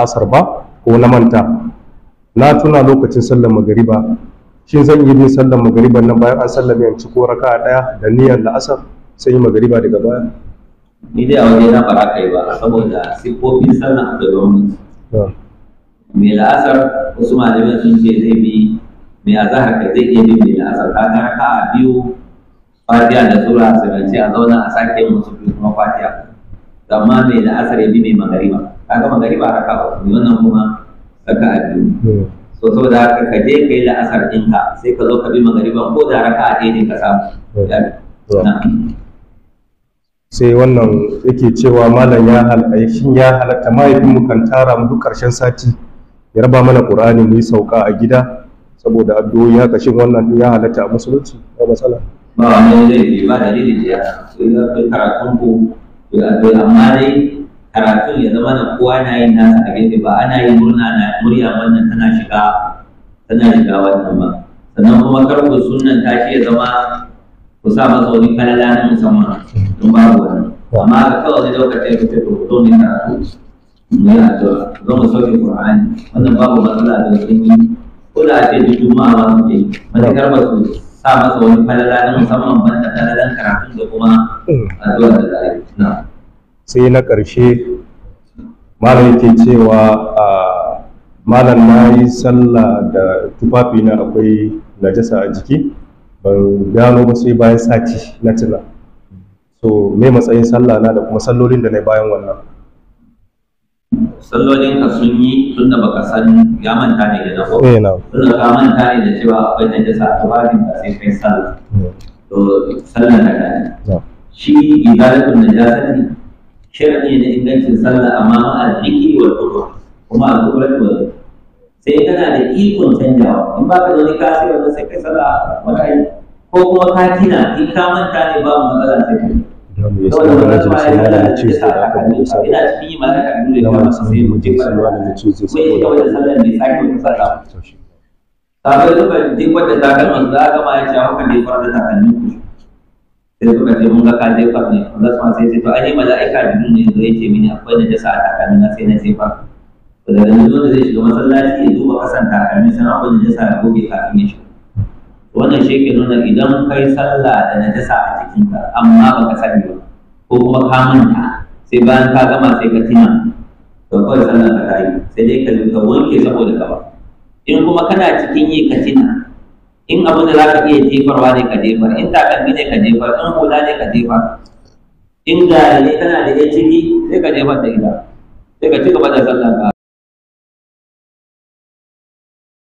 asar ba ko na manta na tuna lokacin sallar magariba shin zan yi bin sallar magariba nan bayan an sallame in ci ko raka daya da niyyar la'asar sai yi magariba daga baya ni dai a waje na fara kai ba saboda siffofin sallar akwai gwamnati mai la'asar wasu malamai sun ce zai bi mai azahar kai zai iya bin mai la'asar ka ga raka a biyu fatiha da sura a a zauna a sake musu kuma fatiha amma mai la'asar ya bi mai magariba kaga magari ba raka ba wannan kuma raka a biyu so saboda haka ka je la asar la'asar ɗinka sai ka zo ka bi magariban ko da raka a ɗaya ka samu sai wannan yake cewa malam ya shin ya halatta mahaifinmu kan tara mu duk ƙarshen sati ya raba mana ƙur'ani mu yi sauka a gida saboda addu'o'i haka shin wannan ya halatta a musulunci ba matsala ba ne zai ba dalilin da ya karatun ku amma dai karatun ya zama na kowa na yin nasa a gefe ba ana yin murna na murya wannan tana shiga tana shiga wannan ba sannan kuma karku sunan tashi ya zama ku sa masa wani kalala na musamman don babu wannan amma ga kawai lokacin da kuke hoto ne karatu ku yi addu'a zo mu sauke qur'ani wannan babu matsala da sun yi ko da ake duk juma'a ma muke yi matakar ba su sa masa wani kalala na musamman banda kalalan karatun da kuma addu'a da za a sai na ƙarshe malam yake cewa a malam na yi sallah da tufafi na akwai najasa a jiki ban gano ba sai bayan sati na tuna so me matsayin sallah na da kuma sallolin da na bayan wannan sallolin ka sun yi tun da baka san ya manta ne da na ko eh, tun da ka manta ne da cewa akwai najasa a tufafin ka sai kai sallah hmm. to sallah na da shi sharadi na ingancin sallah amma ma'a jiki wa kufur kuma al da wal sai kana da ikon canjawa in ka da wani kasi wanda sai kai sallah wata yi ko kuma ka tina in ka manta ne ba mu matsala sai kai saboda wannan ma ya kada da ce sa da kalli ina cikin yi malaka da nuna kama sai mu je da ce sai wata sallah ne sai duka duk wanda takalman za ka ma ya ce ya ne da takalmin ku sai suka ce mun ga ka jefa ne Allah su sai ce to ai mala'ika biyu ne zai ce mini akwai na jasa a takalmi na sai na jefa to daga nan zai shiga masallaci ya duba kasan takalmi sai akwai na jasa a goge kafin ya shiga wannan shi ke nuna idan kai sallah da na dasa a ka amma ba ka sani ba ko kuma ka manta sai bayan ka gama sai ka tina to kawai sallah ka yi, sai dai ka wanke saboda ba. in kuma kana cikin yi ka tina in abin da za ka iya jefarwa ne ka jefar in takalmi ne ka jefar in hula ne ka jefar in gari ne kana da ya ciki sai ka jefar da ita sai ka ci gaba da sallar ka